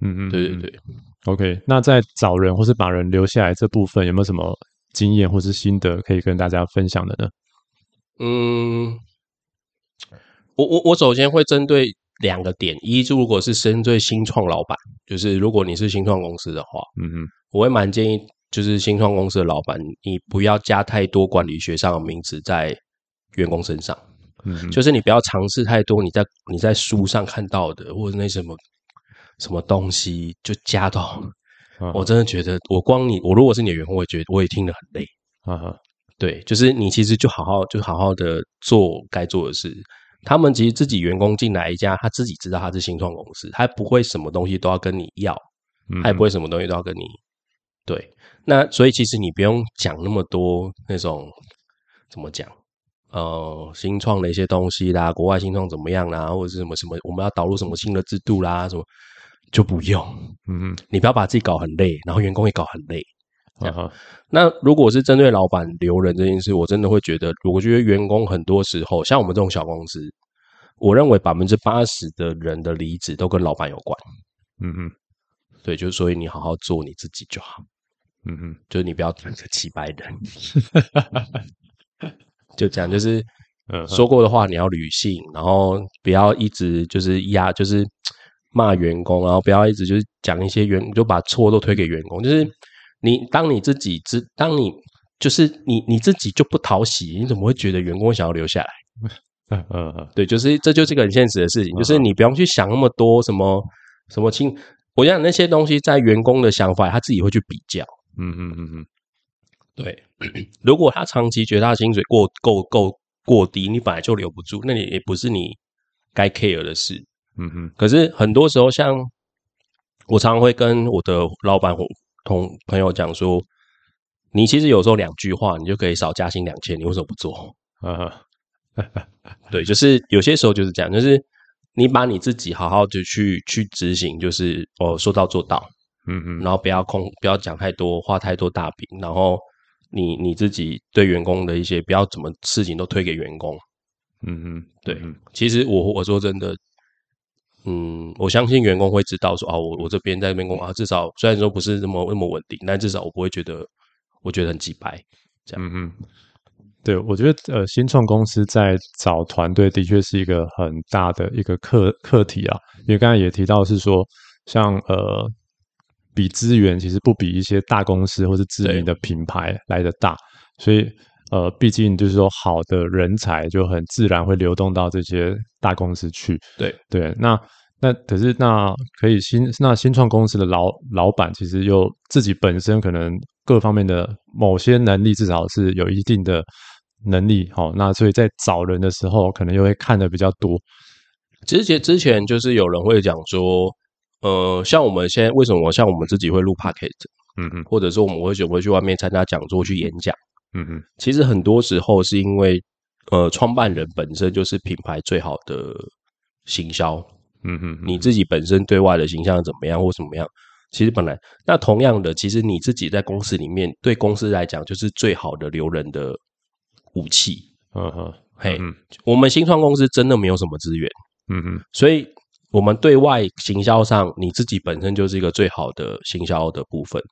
嗯嗯哼，對對對。OK，那在找人或是把人留下來這部分，有沒有什麼經驗或是心得可以跟大家分享的呢？嗯，我我我首先會針對。兩個點，一就如果是身對新創老板，就是如果你是新創公司的話，嗯嗯哼，我會蠻建議，就是新創公司的老板，你不要加太多管理學上的名詞在員工身上，嗯哼，就是你不要嘗試太多你在你在書上看到的或者那什麼什麼東西就加到，嗯啊、我真的覺得我光你我如果是你的員工，我也覺得我也聽得很累，啊哈，對，就是你其實就好好就好好的做該做的事。他們其實自己員工進來一家，他自己知道他是新創公司，他不會什麼東西都要跟你要，他也不會什麼東西都要跟你。嗯、哼對，那所以其實你不用講那麼多那種，怎麼講，呃，新創的一些東西啦，國外新創怎麼樣啦，或者是什麼什麼，我們要導入什麼新的制度啦，什麼就不用。嗯嗯哼，你不要把自己搞很累，然後員工也搞很累。然後，Uh huh. 那如果是針對老板留人這件事，我真的會覺得，我覺得員工很多時候，像我們這種小公司，我認為百分之八十的人的離職都跟老板有關。嗯嗯、uh，huh. 對，就是所以你好好做你自己就好。嗯嗯，就是你不要急白人，就講就是說過的話你要履行，然後不要一直就是壓，就是罵員工，然後不要一直就是講一些員就把錯都推給員工，就是。你當你自己自當你就是你你自己就不討喜，你怎麼會覺得員工想要留下來？嗯嗯嗯，嗯嗯對，就是這就是一個很現實的事情，嗯嗯、就是你不用去想那麼多什麼什麼薪，我想那些東西在員工的想法，他自己會去比較。嗯嗯嗯嗯，嗯嗯對 ，如果他長期覺得他薪水過夠夠過，過，過低，你本來就留不住，那你也不是你該 care 的事。嗯哼，嗯可是很多時候，像我常常會跟我的老板或。同朋友講說，你其實有時候兩句話，你就可以少加薪兩千，你為什麼不做？啊、uh，huh. 對，就是有些時候就是這樣，就是你把你自己好好的去去執行，就是哦，說到做到，嗯嗯、mm，hmm. 然後不要空，不要講太多，畫太多大餅，然後你你自己對員工的一些不要怎麼事情都推給員工，嗯嗯、mm，hmm. 對，其實我我說真的。嗯，我相信員工會知道說啊，我我這邊在這邊工作啊，至少雖然說不是那麼那麼穩定，但至少我不會覺得我覺得很擠白，這樣。嗯嗯，對我覺得呃，新創公司在找團隊的確是一個很大的一個課課題啊，因為剛才也提到是說，像呃，比資源其實不比一些大公司或者知名的品牌來得大，對所以。呃，畢竟就是說，好的人才就很自然會流動到這些大公司去。對對，那那可是那可以新那新創公司的老老板其實又自己本身可能各方面的某些能力至少是有一定的能力。好、哦，那所以在找人的時候，可能就會看的比較多。其實之前就是有人會講說，呃，像我們現在為什麼像我們自己會錄 podcast，嗯嗯哼，或者說我們會選不會去外面參加講座去演講。嗯哼，其實很多時候是因為，呃，創辦人本身就是品牌最好的行銷、嗯。嗯哼，你自己本身對外的形象怎麼樣或怎麼樣？其實本來那同樣的，其實你自己在公司裡面對公司來講就是最好的留人的武器。嗯哼，嘿、嗯，hey, 我們新創公司真的沒有什麼資源。嗯哼，所以我們對外行銷上，你自己本身就是一個最好的行銷的部分。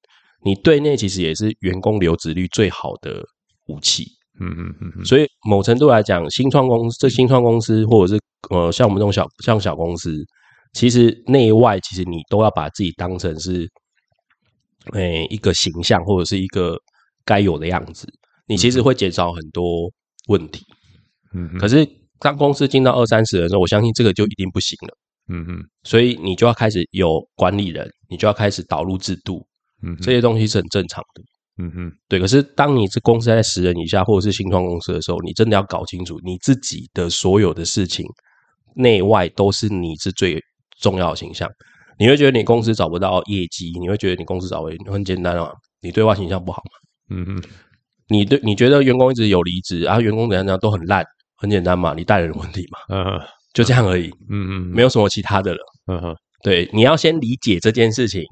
你對內其實也是員工留職率最好的武器，嗯哼嗯嗯。所以某程度來講，新創公司這新創公司或者是呃像我們這種小像小公司，其實內外其實你都要把自己當成是，呃，一個形象或者是一個該有的樣子，你其實會減少很多問題。嗯哼，可是當公司進到二三十的時候，我相信這個就一定不行了。嗯嗯哼，所以你就要開始有管理人，你就要開始導入制度。這些東西是很正常的，嗯哼，對。可是當你這公司在十人以下，或者是新創公司的時候，你真的要搞清楚你自己的所有的事情，內外都是你是最重要的形象。你會覺得你公司找不到業績，你會覺得你公司找不到，很簡單嘛，你對外形象不好嘛，嗯哼。你對你覺得員工一直有離職啊，員工怎樣怎樣都很爛，很簡單嘛，你帶人問題嘛，嗯哼，就這樣而已，嗯嗯哼，沒有什麼其他的了，嗯呵哼。對，你要先理解這件事情。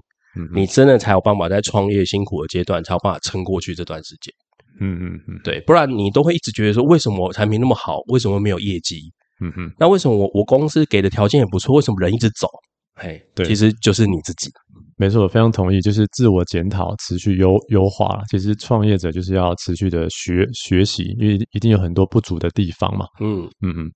你真的才有辦法在創業辛苦的階段，才有辦法撐過去這段時間。嗯嗯嗯，對，不然你都會一直覺得說，為什麼產品那麼好，為什麼沒有業績？嗯哼，那為什麼我我公司給的條件也不錯，為什麼人一直走？嘿，對，其實就是你自己。沒錯，我非常同意，就是自我檢討，持續優優化。其實創業者就是要持續的學學習，因為一定有很多不足的地方嘛。嗯嗯嗯。嗯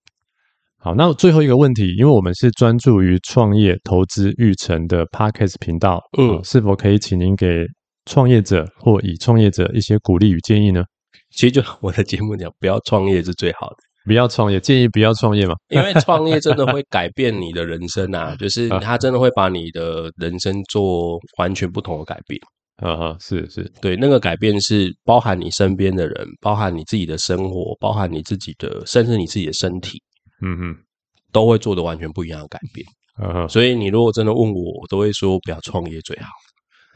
好，那最後一個問題，因為我們是專注於創業投資育成的 Podcast 頻道，嗯、呃，是否可以請您給創業者或以創業者一些鼓勵與建議呢？其實就我的節目講，不要創業是最好的，不要創業，建議不要創業嘛，因為創業真的會改變你的人生啊， 就是他真的會把你的人生做完全不同的改變。啊哈，是是，對，那個改變是包含你身邊的人，包含你自己的生活，包含你自己的，甚至你自己的身體。嗯嗯，都會做的完全不一樣的改變。嗯哼、uh，huh. 所以你如果真的問我，我都會說不要創業最好。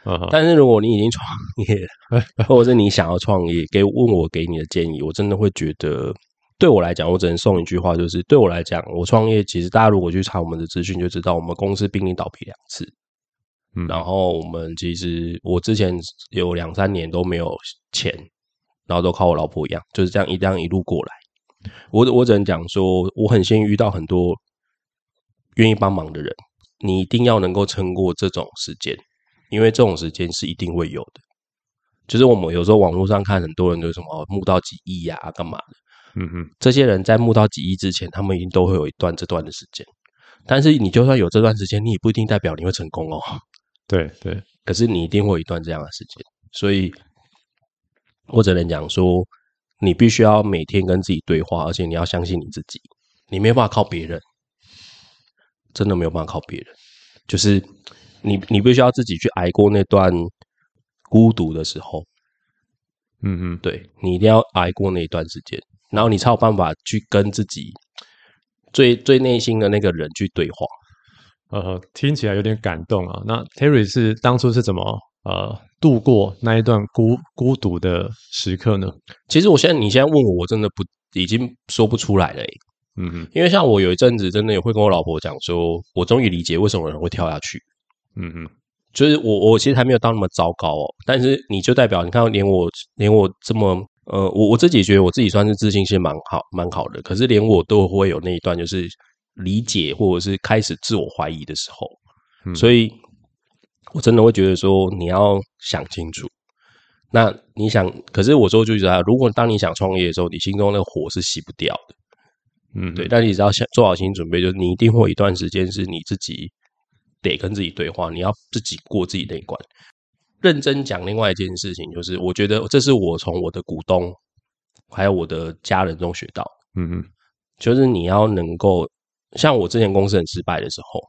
嗯哼、uh，huh. 但是如果你已經創業了，uh huh. 或者是你想要創業，給問我給你的建議，我真的會覺得，對我來講，我只能送一句話，就是對我來講，我創業其實大家如果去查我們的資訊就知道，我們公司瀕臨倒閉兩次。嗯、uh，huh. 然後我們其實我之前有兩三年都沒有錢，然後都靠我老婆養，就是這樣一這樣一路過來。我我只能講說，我很幸運遇到很多願意幫忙的人。你一定要能夠撐過這種時間，因為這種時間是一定會有的。就是我們有時候網絡上看很多人就什麼“募到幾億呀、啊”幹嘛的，嗯哼，這些人在募到幾億之前，他們一定都會有一段這段的時間。但是你就算有這段時間，你也不一定代表你會成功哦。對對，可是你一定會有一段這樣的時間，所以我只能講說。你必須要每天跟自己對話，而且你要相信你自己，你沒有辦法靠別人，真的沒有辦法靠別人，就是你，你必須要自己去挨過那段孤獨的時候。嗯嗯哼，對，你一定要挨過那一段時間，然後你才有辦法去跟自己最最內心的那個人去對話。呃，聽起來有點感動啊。那 Terry 是當初是怎麼呃？度過那一段孤孤獨的時刻呢？其實我現在，你現在問我，我真的不已經說不出來了、欸。嗯嗯哼，因為像我有一陣子，真的也會跟我老婆講，說我終於理解為什麼有人會跳下去。嗯嗯哼，就是我我其實還沒有到那麼糟糕哦、喔。但是你就代表你看，連我連我這麼呃，我我自己覺得我自己算是自信心蠻好蠻好的，可是連我都會有那一段，就是理解或者是開始自我懷疑的時候。嗯、所以。我真的會覺得說你要想清楚，那你想，可是我說句實話，如果當你想創業的時候，你心中那個火是熄不掉的，嗯哼，對。但你只要做好心理準備，就是你一定會有一段時間是你自己得跟自己對話，你要自己過自己那一關。認真講，另外一件事情就是，我覺得這是我從我的股東還有我的家人中學到，嗯嗯哼，就是你要能夠像我之前公司很失敗的時候，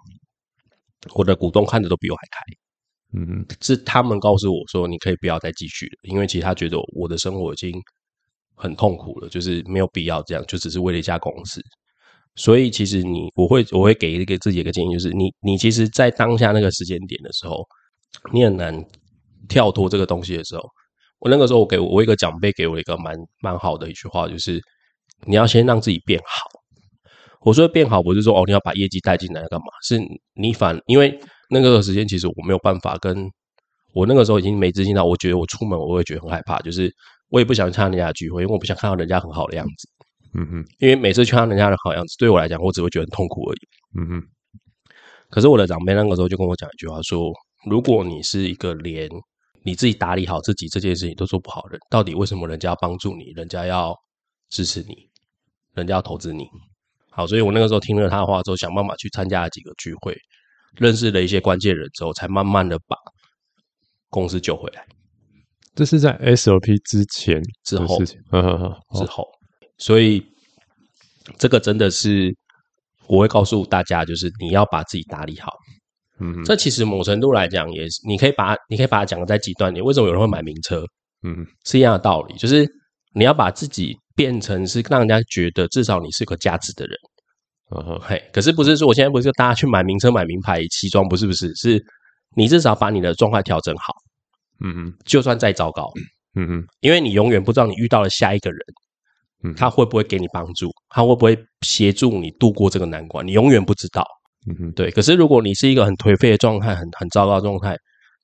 我的股東看着都比我還開。嗯，是他們告訴我說，你可以不要再繼續了，因為其實他覺得我的生活已經很痛苦了，就是沒有必要這樣，就只是為了一家公司。所以其實你，我會我會給給自己一個建議，就是你你其實，在當下那個時間點的時候，你很難跳脫這個東西的時候，我那個時候我給我，我一個長輩，給我一個蠻蠻好的一句話，就是你要先讓自己變好。我說的變好，不是說哦，你要把業績帶進來幹嘛？是你反，因為那個時間其實我沒有辦法。跟我那個時候已經沒自信了，我覺得我出門我會覺得很害怕，就是我也不想參加人家的聚會，因為我不想看到人家很好的樣子。嗯哼，因為每次看到人家的好樣子，對我來講我只會覺得很痛苦而已。嗯哼，可是我的長輩那個時候就跟我講一句話說：如果你是一個連你自己打理好自己這件事情都做不好的人，到底為什麼人家要幫助你？人家要支持你？人家要投資你？好，所以我那個時候聽了他的話之後，想辦法去參加了幾個聚會，認識了一些關鍵人之後，才慢慢的把公司救回來。這是在 SOP 之前之後，事情呵呵呵，之後，呵呵所以、哦、這個真的是我會告訴大家，就是你要把自己打理好。嗯哼，這其實某程度來講，也是你可以把你可以把它講的再極端點，你為什麼有人會買名車？嗯哼，是一樣的道理，就是。你要把自己變成是讓人家覺得至少你是個價值的人，嗯哼、uh huh. 嘿。可是不是說我現在不是大家去買名車、買名牌西裝，不是不是，是你至少把你的狀態調整好，嗯嗯哼，就算再糟糕，嗯嗯哼，因為你永遠不知道你遇到了下一個人，嗯、哼他會不會給你幫助，他會不會協助你度過這個難關，你永遠不知道，嗯嗯哼，對。可是如果你是一個很頹廢的狀態，很很糟糕的狀態，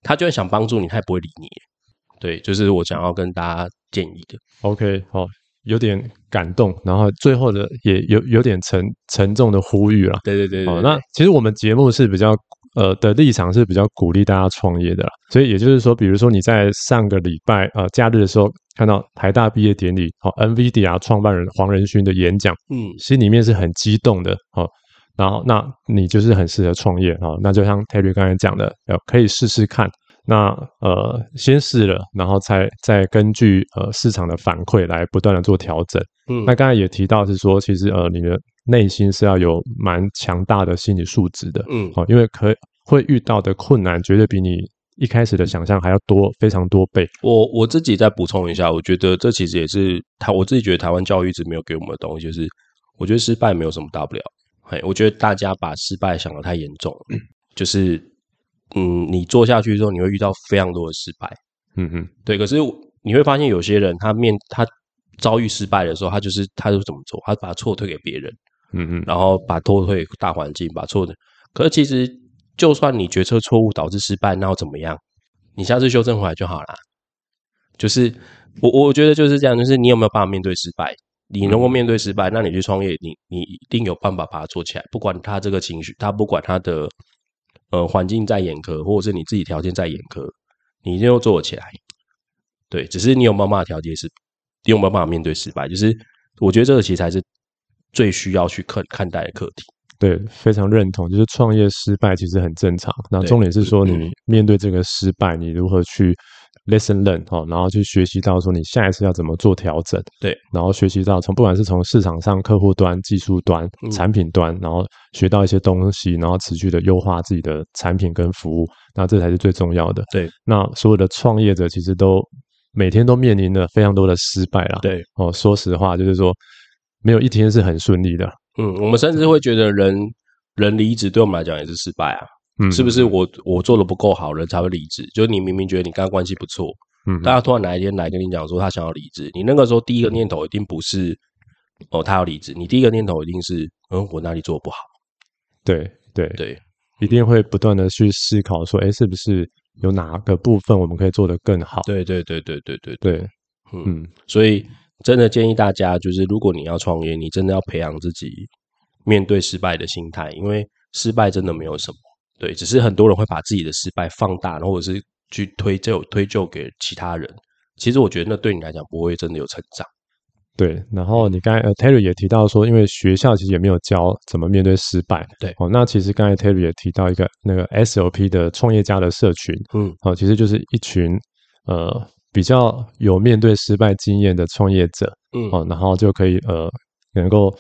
他就會想幫助你，他也不會理你。對，就是我想要跟大家建議的。OK，好、oh,，有點感動，然後最後的也有有點沉沉重的呼籲啦。對對對,對，哦，那其實我們節目是比較呃的立場是比較鼓勵大家創業的啦，所以也就是說，比如說你在上個禮拜呃假日的時候看到台大畢業典禮、哦、，NVIDIA 創辦人黃仁勳的演講，嗯，心裡面是很激動的，哦，然後那你就是很適合創業哦，那就像 Terry 剛才講的、呃，可以試試看。那呃，先試了，然後再再根據呃市場的反饋來不斷的做調整。嗯，那剛才也提到是說，其實呃，你的內心是要有蠻強大的心理素質的。嗯，好，因為可會遇到的困難絕對比你一開始的想象還要多，非常多倍。我我自己再補充一下，我覺得這其實也是台我自己覺得台灣教育一直沒有給我們的東西，就是我覺得失敗沒有什麼大不了。嘿，我覺得大家把失敗想得太嚴重，嗯，就是。嗯，你做下去之後，你會遇到非常多的失敗。嗯哼對。可是你會發現，有些人他面他遭遇失敗的時候，他就是他就怎麼做，他把錯推給別人。嗯哼然後把錯退大環境，把錯。可是其實，就算你決策錯誤導致失敗，那又怎麼樣？你下次修正回來就好了。就是我，我覺得就是這樣。就是你有沒有辦法面對失敗？你能夠面對失敗，那你去創業，你你一定有辦法把它做起來。不管他這個情緒，他不管他的。呃，環、嗯、境在嚴苛，或者是你自己條件在嚴苛，你一定要做起來。對，只是你有沒有辦法調節，是，你有沒有辦法面對失敗。就是，我覺得這個其實才是最需要去看看待的課題。對，非常認同。就是創業失敗其實很正常，然後重點是說對你面對這個失敗，嗯、你如何去？Lesson learn，哦，然後去學習到說你下一次要怎麼做調整，對，然後學習到從不管是從市場上、客戶端、技術端、產品端，嗯、然後學到一些東西，然後持續的優化自己的產品跟服務，那這才是最重要的。對，那所有的創業者其實都每天都面臨着非常多的失敗啦，對，哦，說實話，就是說沒有一天是很順利的。嗯，我們甚至會覺得人對人離職對我們來講也是失敗啊。是不是我、嗯、我做的不夠好，人才會離職？就是你明明覺得你跟他關係不錯，嗯，大家突然哪一天來跟你講說他想要離職，你那個時候第一個念頭一定不是哦，他要離職，你第一個念頭一定是、嗯、我哪裡做不好？對對對，對對一定會不斷的去思考說，哎，是不是有哪個部分我們可以做得更好？對對對對對對對，對對對對對嗯，嗯，所以真的建議大家，就是如果你要創業，你真的要培養自己面對失敗的心態，因為失敗真的沒有什麼。對，只是很多人會把自己的失敗放大，然後是去推就推就給其他人。其實我覺得那對你來講不會真的有成長。對，然後你剛才呃，Terry 也提到說，因為學校其實也沒有教怎麼面對失敗。對，哦，那其實剛才 Terry 也提到一個那個 SOP 的創業家的社群，嗯，啊、哦，其實就是一群呃比較有面對失敗經驗的創業者，嗯、哦，然後就可以呃能夠。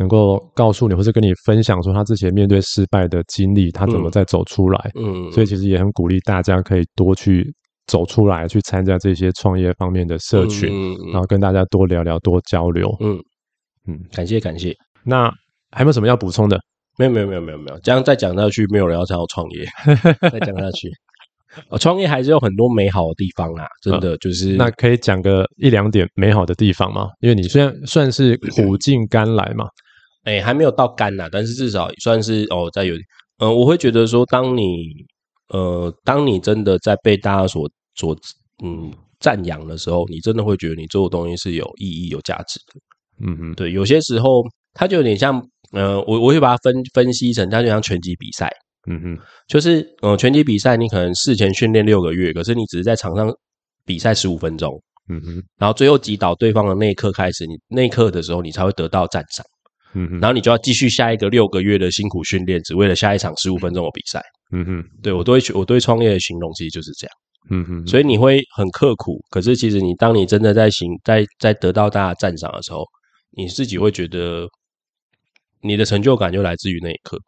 能夠告訴你或是跟你分享說他之前面對失敗的經歷，他怎麼再走出來。嗯，嗯所以其實也很鼓勵大家可以多去走出來，去參加這些創業方面的社群，嗯嗯嗯、然後跟大家多聊聊、多交流。嗯嗯，嗯感謝感謝。那還有沒有什麼要補充的？沒有沒有沒有沒有沒有。這樣再講下去，沒有人要創業。 再講下去，啊、 哦，創業還是有很多美好的地方啊！真的、呃、就是，那可以講個一兩點美好的地方嗎？嗯、因為你雖然對算是苦盡甘來嘛。哎、欸，還沒有到肝吶、啊，但是至少算是哦，在有呃我會覺得說，當你呃，當你真的在被大家所所嗯讚揚的時候，你真的會覺得你做的東西是有意義、有價值的。嗯嗯哼，對，有些時候他就有點像，呃，我我會把它分分析成，它就像拳擊比賽。嗯嗯哼，就是呃拳擊比賽，你可能事前訓練六個月，可是你只是在場上比賽十五分鐘。嗯哼，然後最後擊倒對方的那一刻開始，你那一刻的時候，你才會得到讚賞。嗯，然後你就要繼續下一個六個月的辛苦訓練，只為了下一場十五分鐘的比賽。嗯哼，對我對，我對創業的形容其實就是這樣。嗯哼，所以你會很刻苦，可是其實你當你真的在行，在在得到大家讚賞的時候，你自己會覺得你的成就感就來自於那一刻。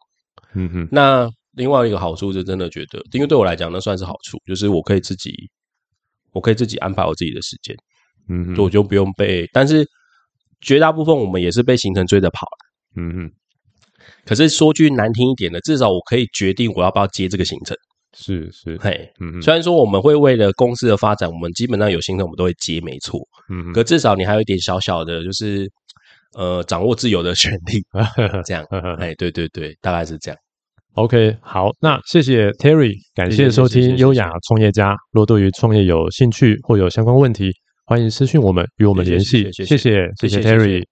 嗯哼，那另外一個好處是真的覺得，因為對我來講，那算是好處，就是我可以自己，我可以自己安排我自己的時間。嗯哼，我就不用被，但是。絕大部分我們也是被行程追着跑了嗯哼，嗯嗯。可是說句難聽一點的，至少我可以決定我要不要接這個行程。是是，嘿，嗯嗯哼。雖然說我們會為了公司的發展，我們基本上有行程我們都會接，沒錯。嗯哼。可至少你還有一點小小的，就是呃，掌握自由的權利。 這樣， 哎，對對對，大概是這樣。OK，好，那謝謝 Terry，感謝收聽《優雅創業家》。若對於創業有興趣或有相關問題。歡迎私信我們，與我們聯繫。謝謝，謝謝 Terry。